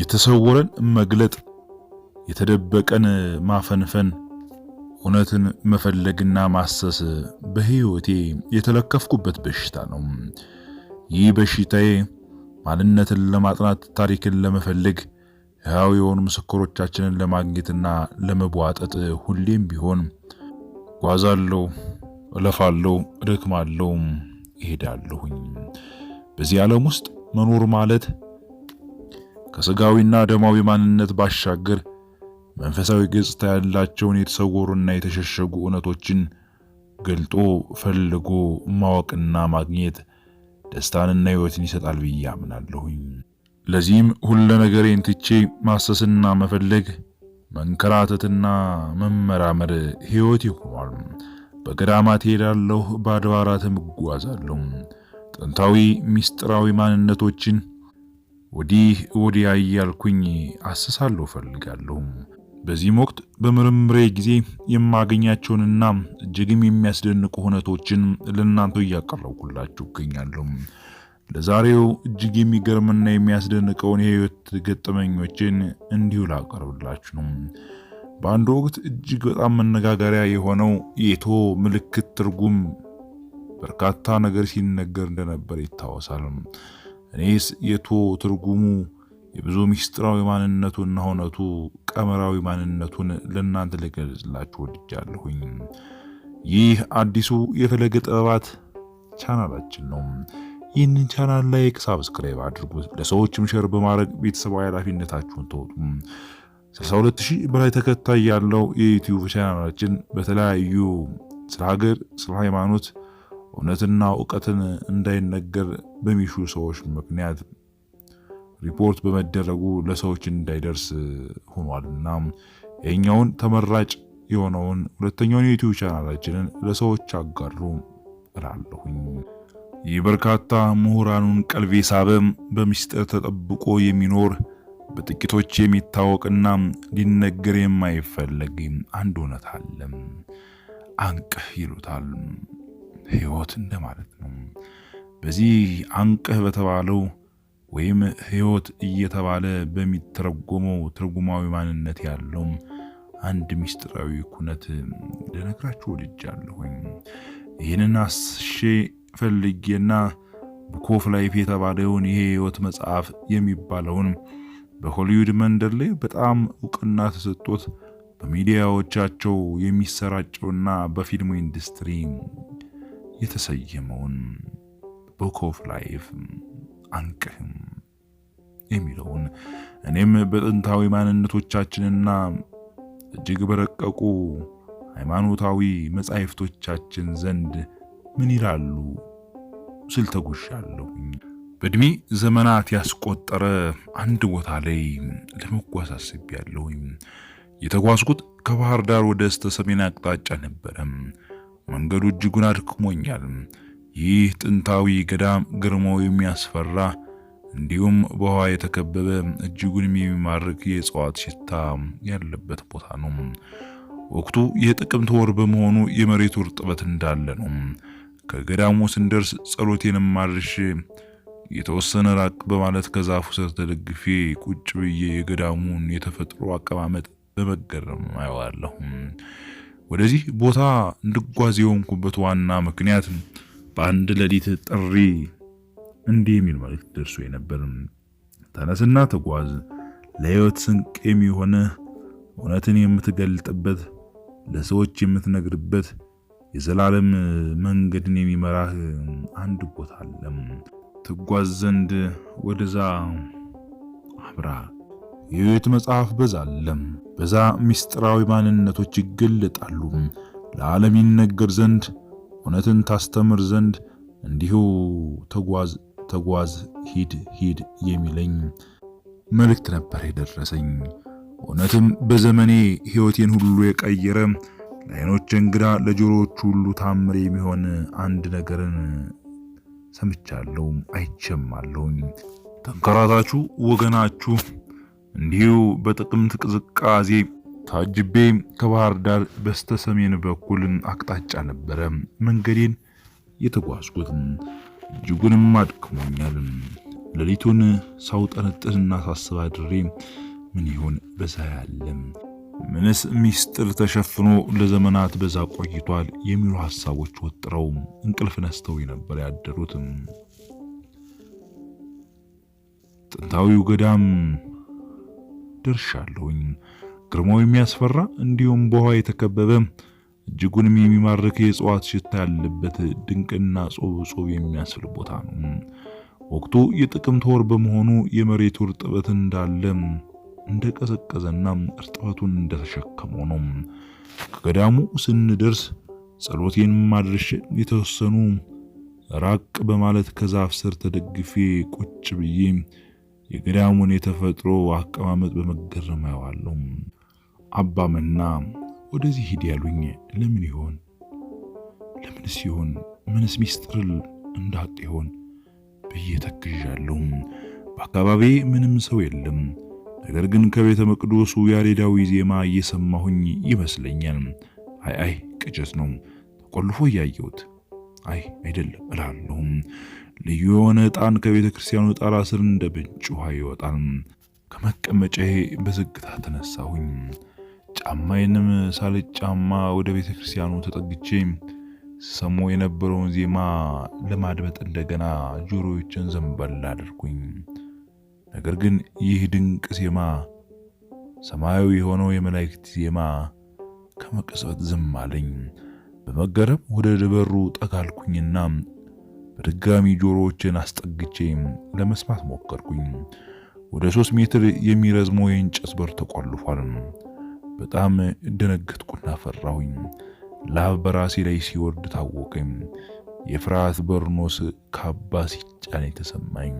የተሰወረን መግለጥ፣ የተደበቀን ማፈንፈን፣ እውነትን መፈለግና ማሰስ በህይወቴ የተለከፍኩበት በሽታ ነው። ይህ በሽታዬ ማንነትን ለማጥናት ታሪክን ለመፈለግ ሕያው የሆኑ ምስክሮቻችንን ለማግኘትና ለመቧጠጥ ሁሌም ቢሆን ጓዛለሁ፣ እለፋለሁ፣ እደክማለሁ፣ ይሄዳለሁኝ። በዚህ ዓለም ውስጥ መኖር ማለት ከሥጋዊና ደማዊ ማንነት ባሻገር መንፈሳዊ ገጽታ ያላቸውን የተሰወሩና የተሸሸጉ እውነቶችን ገልጦ ፈልጎ ማወቅና ማግኘት ደስታንና ሕይወትን ይሰጣል ብዬ አምናለሁኝ። ለዚህም ሁለ ነገሬን ትቼ ማሰስና መፈለግ፣ መንከራተትና መመራመር ሕይወት ይሆኗል። በገዳማት ሄዳለሁ፣ በአድባራትም እጓዛለሁ። ጥንታዊ ሚስጥራዊ ማንነቶችን ወዲህ ወዲያ እያልኩኝ አስሳለሁ እፈልጋለሁ። በዚህም ወቅት በምርምሬ ጊዜ የማገኛቸውንና እጅግም የሚያስደንቁ ሁነቶችን ለእናንተ እያቀረብኩላችሁ እገኛለሁ። ለዛሬው እጅግ የሚገርምና የሚያስደንቀውን የህይወት ገጠመኞችን እንዲሁ ላቀርብላችሁ ነው። በአንድ ወቅት እጅግ በጣም መነጋገሪያ የሆነው የቶ ምልክት ትርጉም በርካታ ነገር ሲነገር እንደነበር ይታወሳል። እኔስ የቶ ትርጉሙ የብዙ ምስጢራዊ ማንነቱና እውነቱ ቀመራዊ ማንነቱን ለእናንተ ልገልጽላችሁ ወድጃለሁኝ። ይህ አዲሱ የፈለገ ጥበባት ቻናላችን ነው። ይህንን ቻናል ላይክ፣ ሳብስክራይብ አድርጉት። ለሰዎችም ሸር በማድረግ ቤተሰባዊ ኃላፊነታችሁን ተወጡ። 62 በላይ ተከታይ ያለው የዩቲዩብ ቻናላችን በተለያዩ ስለ ሀገር፣ ስለ ሃይማኖት እውነትና እውቀትን እንዳይነገር በሚሹ ሰዎች ምክንያት ሪፖርት በመደረጉ ለሰዎች እንዳይደርስ ሆኗልና የኛውን ተመራጭ የሆነውን ሁለተኛውን የዩቲዩብ ቻናላችንን ለሰዎች አጋሩ እላለሁኝ። ይህ በርካታ ምሁራኑን ቀልቤ ሳበ፣ በምስጢር ተጠብቆ የሚኖር በጥቂቶች የሚታወቅና ሊነገር የማይፈለግ አንድ እውነት አለም አንቅህ ይሉታል። ህይወት እንደማለት ነው። በዚህ አንቀህ በተባለው ወይም ህይወት እየተባለ በሚተረጎመው ትርጉማዊ ማንነት ያለው አንድ ምስጢራዊ ኩነት ልነግራችሁ ወድጃለሁኝ። ይህንን አስሼ ፈልጌና ኮፍ ላይፍ የተባለውን ይሄ ህይወት መጽሐፍ የሚባለውን በሆሊውድ መንደር ላይ በጣም እውቅና ተሰጥቶት በሚዲያዎቻቸው የሚሰራጨውና በፊልሙ ኢንዱስትሪ የተሰየመውን ቡክ ኦፍ ላይፍ አንቅህም የሚለውን እኔም በጥንታዊ ማንነቶቻችንና እጅግ በረቀቁ ሃይማኖታዊ መጻሕፍቶቻችን ዘንድ ምን ይላሉ ስል ተጉዣለሁኝ። በእድሜ ዘመናት ያስቆጠረ አንድ ቦታ ላይ ለመጓዝ አስቤያለሁኝ። የተጓዝኩት ከባህር ዳር ወደ በስተ ሰሜን አቅጣጫ ነበረም። መንገዱ እጅጉን አድክሞኛል። ይህ ጥንታዊ ገዳም ግርማው የሚያስፈራ እንዲሁም በውሃ የተከበበ እጅጉን የሚማርክ የእጽዋት ሽታ ያለበት ቦታ ነው። ወቅቱ የጥቅምት ወር በመሆኑ የመሬቱ እርጥበት እንዳለ ነው። ከገዳሙ ስንደርስ ጸሎት አድርሼ የተወሰነ ራቅ በማለት ከዛፉ ስር ተደግፌ ቁጭ ብዬ የገዳሙን የተፈጥሮ አቀማመጥ በመገረም አየዋለሁ። ወደዚህ ቦታ እንድጓዝ የሆንኩበት ዋና ምክንያት በአንድ ሌሊት ጥሪ እንዲህ የሚል መልእክት ደርሶ የነበር፣ ተነስና ተጓዝ፣ ለህይወት ስንቅ የሚሆነ እውነትን የምትገልጥበት፣ ለሰዎች የምትነግርበት፣ የዘላለም መንገድን የሚመራህ አንድ ቦታ አለም፣ ትጓዝ ዘንድ ወደዛ አብራ የቤት መጽሐፍ በዛለም በዛ ምስጢራዊ ማንነቶች ይገለጣሉ። ለዓለም ይነገር ዘንድ እውነትን ታስተምር ዘንድ እንዲሁ ተጓዝ ተጓዝ ሂድ ሂድ የሚለኝ መልእክት ነበር የደረሰኝ። እውነትም በዘመኔ ህይወቴን ሁሉ የቀየረ ለዓይኖች እንግዳ ለጆሮዎች ሁሉ ታምር የሚሆን አንድ ነገርን ሰምቻለሁ፣ አይቸማለሁኝ። ተንከራታችሁ ወገናችሁ እንዲሁ በጥቅምት ቅዝቃዜ ታጅቤ ከባህር ዳር በስተ ሰሜን በኩል አቅጣጫ ነበረ መንገዴን የተጓዝኩት። እጅጉንም አድክሞኛል። ሌሊቱን ሳውጠነጥንና ሳስብ አድሬ ምን ይሆን በዛ ያለም ምንስ ሚስጥር ተሸፍኖ ለዘመናት በዛ ቆይቷል የሚሉ ሀሳቦች ወጥረው እንቅልፍ ነስተው ነበር ያደሩት። ጥንታዊው ገዳም ደርሻለሁኝ። ግርማው የሚያስፈራ እንዲሁም በውሃ የተከበበ እጅጉንም የሚማርክ የእጽዋት ሽታ ያለበት ድንቅና ጾብ ጾብ የሚያስል ቦታ ነው። ወቅቱ የጥቅምት ወር በመሆኑ የመሬቱ እርጥበት እንዳለ እንደቀዘቀዘና እርጥበቱን እንደተሸከመው ነው። ከገዳሙ ስንደርስ ጸሎቴን ማድረሽ የተወሰኑ ራቅ በማለት ከዛፍ ስር ተደግፌ ቁጭ ብዬ የገዳሙን የተፈጥሮ አቀማመጥ በመገረም አየዋለሁ። አባ መና ወደዚህ ሂድ ያሉኝ ለምን ይሆን? ለምንስ ይሆን? ምንስ ሚስጥርል እንዳጥ ይሆን ብዬ ተክዣለሁ። በአካባቢ ምንም ሰው የለም። ነገር ግን ከቤተ መቅደሱ ያሬዳዊ ዜማ እየሰማሁኝ ይመስለኛል። አይ አይ ቅዠት ነው፣ ተቆልፎ እያየሁት አይ አይደለም እላለሁ። ልዩ የሆነ ዕጣን ከቤተ ክርስቲያኑ ጣራ ስር እንደ ብንጭ ውሃ ይወጣል። ከመቀመጫዬ በዝግታ ተነሳሁኝ። ጫማዬንም ሳልጫማ ወደ ቤተ ክርስቲያኑ ተጠግቼ ሰሞ የነበረውን ዜማ ለማድመጥ እንደገና ጆሮዎችን ዘንበል አድርጉኝ። ነገር ግን ይህ ድንቅ ዜማ ሰማያዊ የሆነው የመላእክት ዜማ ከመቅጽበት ዝም አለኝ። በመገረም ወደ ድበሩ ጠጋልኩኝና ድጋሚ ጆሮዎችን አስጠግቼ ለመስማት ሞከርኩኝ። ወደ ሶስት ሜትር የሚረዝመው የእንጨት በር ተቆልፏል። በጣም ደነገጥኩና ፈራሁኝ። ላብ በራሴ ላይ ሲወርድ ታወቀኝ። የፍርሃት በርኖስ ካባ ሲጫን የተሰማኝ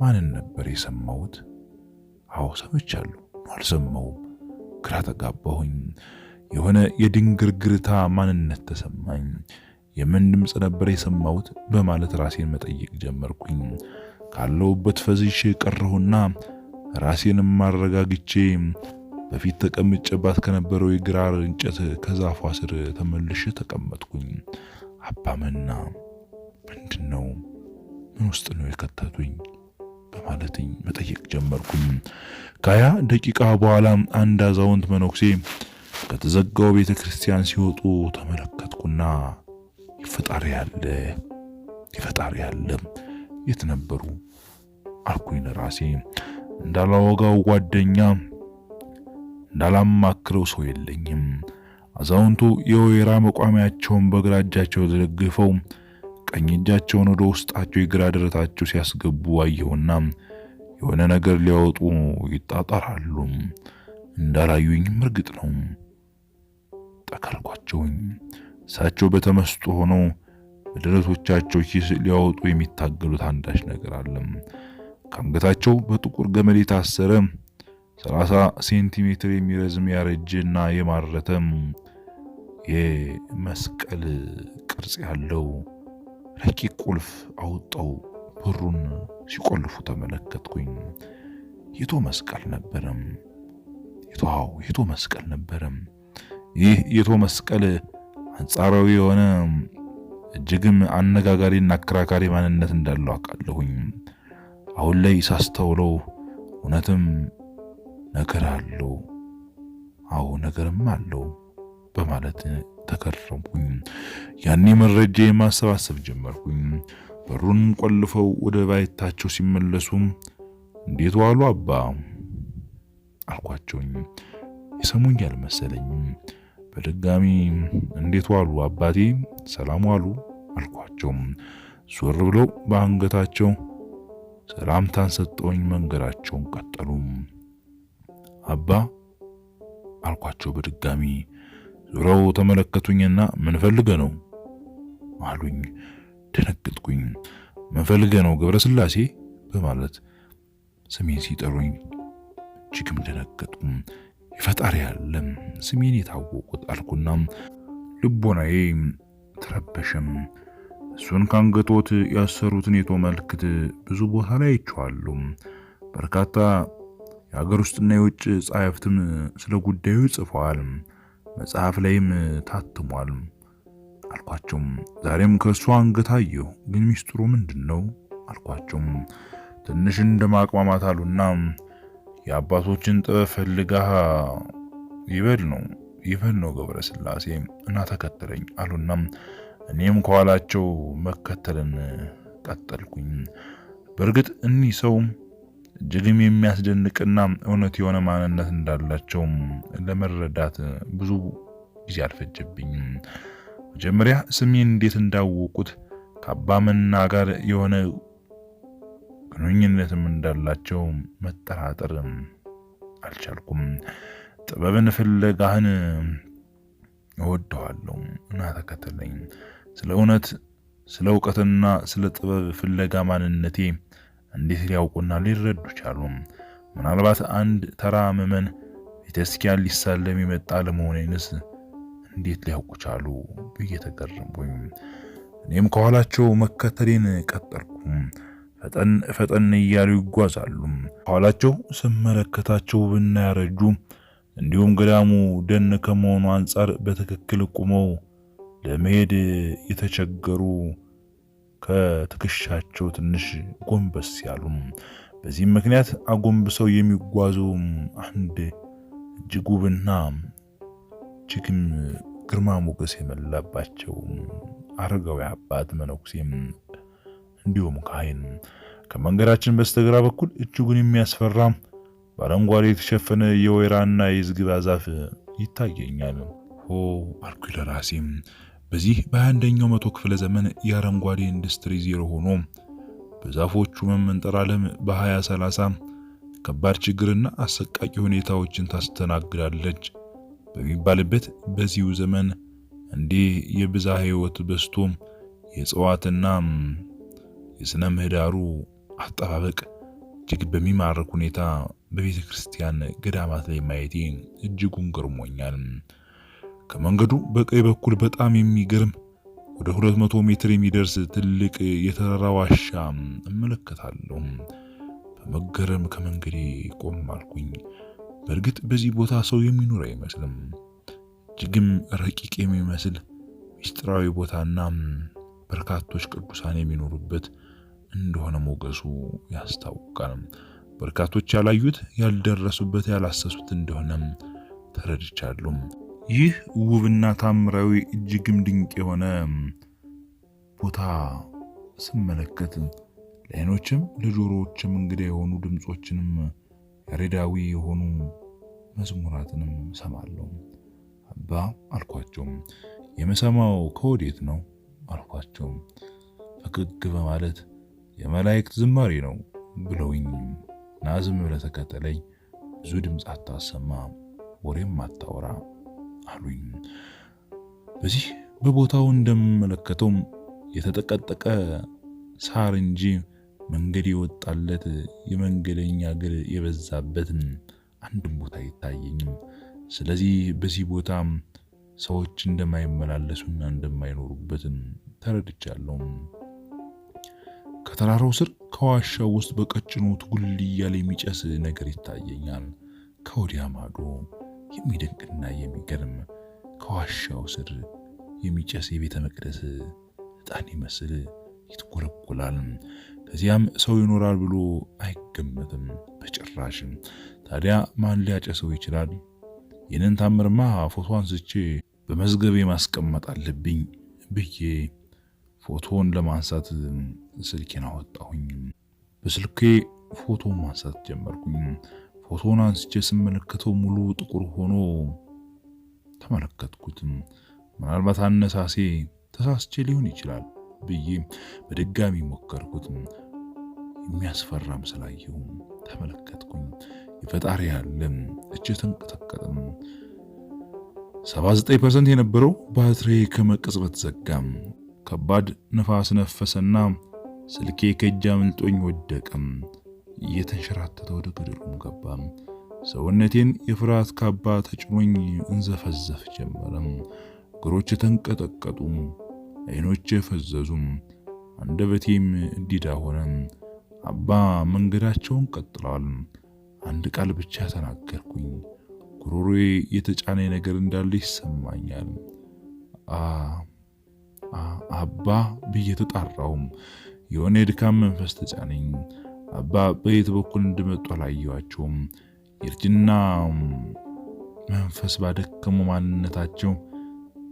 ማንን ነበር የሰማሁት? አዎ ሰምቻለሁ፣ አልሰማሁም። ግራ ተጋባሁኝ። የሆነ የድንግርግርታ ማንነት ተሰማኝ። የምን ድምፅ ነበር የሰማሁት በማለት ራሴን መጠየቅ ጀመርኩኝ። ካለውበት ፈዝሽ ቀረሁና ራሴንም ማረጋግቼ በፊት ተቀምጬባት ከነበረው የግራር እንጨት ከዛፏ ስር ተመልሼ ተቀመጥኩኝ። አባመና ምንድን ነው? ምን ውስጥ ነው የከተቱኝ? በማለትኝ መጠየቅ ጀመርኩኝ። ከሀያ ደቂቃ በኋላ አንድ አዛውንት መነኩሴ ከተዘጋው ቤተ ክርስቲያን ሲወጡ ተመለከትኩና ፈጣሪ ያለ የፈጣሪ ያለም የት ነበሩ አልኩኝ ራሴ። እንዳላወጋው ጓደኛ እንዳላማክረው ሰው የለኝም። አዛውንቱ የወይራ መቋሚያቸውን በግራ እጃቸው ተደግፈው ቀኝ እጃቸውን ወደ ውስጣቸው የግራ ደረታቸው ሲያስገቡ አየሁና የሆነ ነገር ሊያወጡ ይጣጣራሉ። እንዳላዩኝም እርግጥ ነው ጠቀልኳቸውኝ። እሳቸው በተመስጦ ሆነው በደረቶቻቸው ኪስ ሊያወጡ የሚታገሉት አንዳች ነገር አለም። ከአንገታቸው በጥቁር ገመድ የታሰረ 30 ሴንቲሜትር የሚረዝም ያረጀና የማረተም የመስቀል ቅርጽ ያለው ረቂቅ ቁልፍ አውጠው ብሩን ሲቆልፉ ተመለከትኩኝ። የቶ መስቀል ነበረም። የቶ መስቀል ነበረም። ይህ የቶ መስቀል አንጻራዊ የሆነ እጅግም አነጋጋሪና አከራካሪ ማንነት እንዳለው አውቃለሁኝ። አሁን ላይ ሳስተውለው እውነትም ነገር አለው፣ አዎ ነገርም አለው በማለት ተከረምኩኝ። ያኔ መረጃ የማሰባሰብ ጀመርኩኝ። በሩን ቆልፈው ወደ ባይታቸው ሲመለሱ እንዴት ዋሉ አባ አልኳቸውኝ። የሰሙኝ አልመሰለኝም። በድጋሚ እንዴት ዋሉ አባቴ፣ ሰላም ዋሉ አልኳቸው። ዞር ብለው በአንገታቸው ሰላምታን ሰጠውኝ። መንገዳቸውን ቀጠሉ። አባ አልኳቸው በድጋሚ። ዙረው ተመለከቱኝና ምን ፈልገ ነው አሉኝ። ደነገጥኩኝ። ምን ፈልገ ነው ገብረስላሴ በማለት ስሜን ሲጠሩኝ እጅግም ደነገጥኩ። የፈጣሪ ያለም ስሜን የታወቁት አልኩና ልቦናዬ ተረበሸም። እሱን ካንገቶት ያሰሩትን የቶ መልክት ብዙ ቦታ ላይ አይቼዋለሁ። በርካታ የሀገር ውስጥና የውጭ ጸሐፍትም ስለ ጉዳዩ ጽፈዋል፣ መጽሐፍ ላይም ታትሟል አልኳቸውም። ዛሬም ከእሱ አንገት አየሁ፣ ግን ሚስጥሩ ምንድን ነው አልኳቸውም። ትንሽ እንደማቅማማት አሉና የአባቶችን ጥበብ ፈልጋ ይበል ነው ይበል ነው ገብረ ስላሴ እና ተከተለኝ አሉና እኔም ከኋላቸው መከተልን ቀጠልኩኝ። በእርግጥ እኒህ ሰው እጅግም የሚያስደንቅና እውነት የሆነ ማንነት እንዳላቸው ለመረዳት ብዙ ጊዜ አልፈጀብኝም። መጀመሪያ ስሜን እንዴት እንዳወቁት መና ጋር የሆነ ግንኙነትም እንዳላቸው መጠራጠር አልቻልኩም። ጥበብን ፍለጋህን እወደዋለሁ እና ተከተለኝ። ስለ እውነት፣ ስለ እውቀትና ስለ ጥበብ ፍለጋ ማንነቴ እንዴት ሊያውቁና ሊረዱ ቻሉ? ምናልባት አንድ ተራ ምዕመን ቤተክርስቲያን ሊሳለም የመጣ ለመሆኔንስ እንዴት ሊያውቁ ቻሉ ብዬ ተገረምኩኝ። እኔም ከኋላቸው መከተሌን ቀጠልኩ። ፈጠን ፈጠን እያሉ ይጓዛሉ። ከኋላቸው ስመለከታቸው ያረጁ እንዲሁም ገዳሙ ደን ከመሆኑ አንጻር በትክክል ቁመው ለመሄድ የተቸገሩ ከትከሻቸው ትንሽ ጎንበስ ያሉ፣ በዚህም ምክንያት አጎንብሰው የሚጓዙ አንድ እጅግ ውብና እጅግም ግርማ ሞገስ የመላባቸው አረጋዊ አባት መነኩሴም እንዲሁም ካህን ከመንገዳችን በስተግራ በኩል እጅጉን የሚያስፈራ በአረንጓዴ የተሸፈነ የወይራና የዝግባ ዛፍ ይታየኛል። ሆ አልኩ ለራሴም። በዚህ በ21ኛው መቶ ክፍለ ዘመን የአረንጓዴ ኢንዱስትሪ ዜሮ ሆኖ በዛፎቹ መመንጠር ዓለም በ2030 ከባድ ችግርና አሰቃቂ ሁኔታዎችን ታስተናግዳለች በሚባልበት በዚሁ ዘመን እንዴ የብዝሃ ሕይወት በዝቶ የእጽዋትና የሥነ ምህዳሩ አጠባበቅ እጅግ በሚማርክ ሁኔታ በቤተ ክርስቲያን ገዳማት ላይ ማየቴ እጅጉን ገርሞኛል። ከመንገዱ በቀኝ በኩል በጣም የሚገርም ወደ 200 ሜትር የሚደርስ ትልቅ የተራራ ዋሻ እመለከታለሁ። በመገረም ከመንገዴ ቆም አልኩኝ። በእርግጥ በዚህ ቦታ ሰው የሚኖር አይመስልም። እጅግም ረቂቅ የሚመስል ሚስጥራዊ ቦታና በርካቶች ቅዱሳን የሚኖሩበት እንደሆነ ሞገሱ ያስታውቃል። በርካቶች ያላዩት ያልደረሱበት፣ ያላሰሱት እንደሆነም ተረድቻሉ። ይህ ውብና ታምራዊ እጅግም ድንቅ የሆነ ቦታ ስመለከት ለአይኖችም ለጆሮዎችም እንግዳ የሆኑ ድምፆችንም ያሬዳዊ የሆኑ መዝሙራትንም ሰማለሁ። አባ አልኳቸውም፣ የምሰማው ከወዴት ነው አልኳቸውም ፈገግ በማለት የመላእክት ዝማሬ ነው ብለውኝ ናዝም ብለ ተከተለኝ፣ ብዙ ድምፅ አታሰማ፣ ወሬም አታወራ አሉኝ። በዚህ በቦታው እንደምመለከተውም የተጠቀጠቀ ሳር እንጂ መንገድ የወጣለት የመንገደኛ እግር የበዛበት አንድም ቦታ አይታየኝም። ስለዚህ በዚህ ቦታ ሰዎች እንደማይመላለሱና እንደማይኖሩበትም ተረድቻለሁም። ከተራራው ስር ከዋሻው ውስጥ በቀጭኑ ትጉል እያለ የሚጨስ ነገር ይታየኛል። ከወዲያ ማዶ የሚደንቅና የሚገርም ከዋሻው ስር የሚጨስ የቤተ መቅደስ ዕጣን ይመስል ይትጎለጎላል። ከዚያም ሰው ይኖራል ብሎ አይገመትም በጭራሽ። ታዲያ ማን ሊያጨሰው ይችላል? ይህንን ታምርማ ፎቶ አንስቼ በመዝገቤ ማስቀመጥ አለብኝ ብዬ ፎቶን ለማንሳት ስልኬን አወጣሁኝ። በስልኬ ፎቶ ማንሳት ጀመርኩኝ። ፎቶን አንስቼ ስመለከተው ሙሉ ጥቁር ሆኖ ተመለከትኩት። ምናልባት አነሳሴ ተሳስቼ ሊሆን ይችላል ብዬ በድጋሚ ሞከርኩት። የሚያስፈራ ምስል አየሁ፣ ተመለከትኩኝ። የፈጣሪ ያለም እጅ ተንቀጠቀጠም። 79 ፐርሰንት የነበረው ባትሬ ከመቅጽበት ዘጋም። ከባድ ነፋስ ነፈሰና ስልኬ ከእጅ አምልጦኝ ወደቀም። እየተንሸራተተ ወደ ገደሉም ገባ። ሰውነቴን የፍርሃት ካባ ተጭኖኝ እንዘፈዘፍ ጀመረም። እግሮች ተንቀጠቀጡ፣ አይኖች ፈዘዙም፣ አንደበቴም ዲዳ ሆነ። አባ መንገዳቸውን ቀጥለዋል። አንድ ቃል ብቻ ተናገርኩኝ። ጉሮሮዬ የተጫነ ነገር እንዳለ ይሰማኛል። አባ ብዬ ተጣራውም። የሆነ የድካም መንፈስ ተጫነኝ። አባ በየት በኩል እንደመጡ አላየኋቸውም። የእርጅና መንፈስ ባደከሙ ማንነታቸው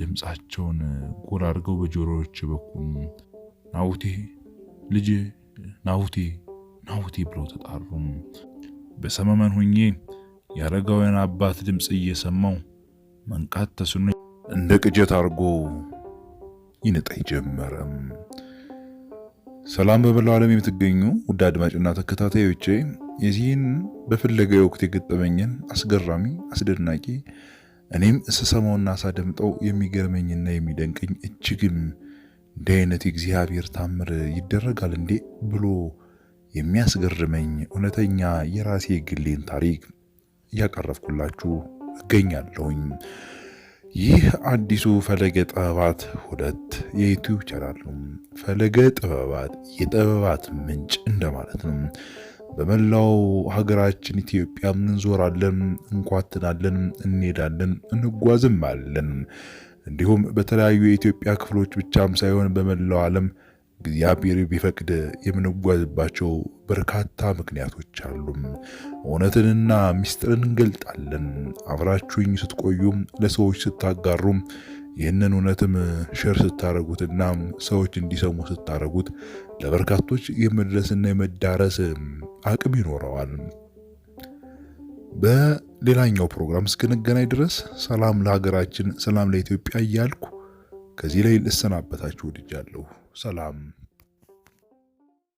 ድምፃቸውን ጎር አድርገው በጆሮዎች በኩል ናውቴ ልጅ ናውቴ ናውቴ ብለው ተጣሩ። በሰመመን ሁኜ የአረጋውያን አባት ድምፅ እየሰማው መንቃት ተስኖ እንደ ቅጀት አድርጎ ይነጣ ጀመረም። ሰላም በመላው ዓለም የምትገኙ ውድ አድማጭና ተከታታዮቼ የዚህን በፍለገ ወቅት የገጠመኝን አስገራሚ፣ አስደናቂ እኔም ስሰማውና ሳደምጠው የሚገርመኝና የሚደንቀኝ እጅግም እንዲህ አይነት የእግዚአብሔር ታምር ይደረጋል እንዴ ብሎ የሚያስገርመኝ እውነተኛ የራሴ ግሌን ታሪክ እያቀረብኩላችሁ እገኛለሁኝ። ይህ አዲሱ ፈለገ ጥበባት ሁለት የዩቲዩብ ቻናል ነው። ፈለገ ጥበባት የጥበባት ምንጭ እንደማለት ነው። በመላው ሀገራችን ኢትዮጵያ እንዞራለን፣ እንኳትናለን፣ እንሄዳለን፣ እንጓዝም አለን። እንዲሁም በተለያዩ የኢትዮጵያ ክፍሎች ብቻም ሳይሆን በመላው ዓለም እግዚአብሔር ቢፈቅድ የምንጓዝባቸው በርካታ ምክንያቶች አሉም። እውነትንና ምስጢርን እንገልጣለን። አብራችሁኝ ስትቆዩም ለሰዎች ስታጋሩም ይህንን እውነትም ሸር ስታደረጉትና ሰዎች እንዲሰሙ ስታደረጉት ለበርካቶች የመድረስና የመዳረስ አቅም ይኖረዋል። በሌላኛው ፕሮግራም እስክንገናኝ ድረስ ሰላም ለሀገራችን፣ ሰላም ለኢትዮጵያ እያልኩ ከዚህ ላይ ልሰናበታችሁ ወድጃለሁ። سلام。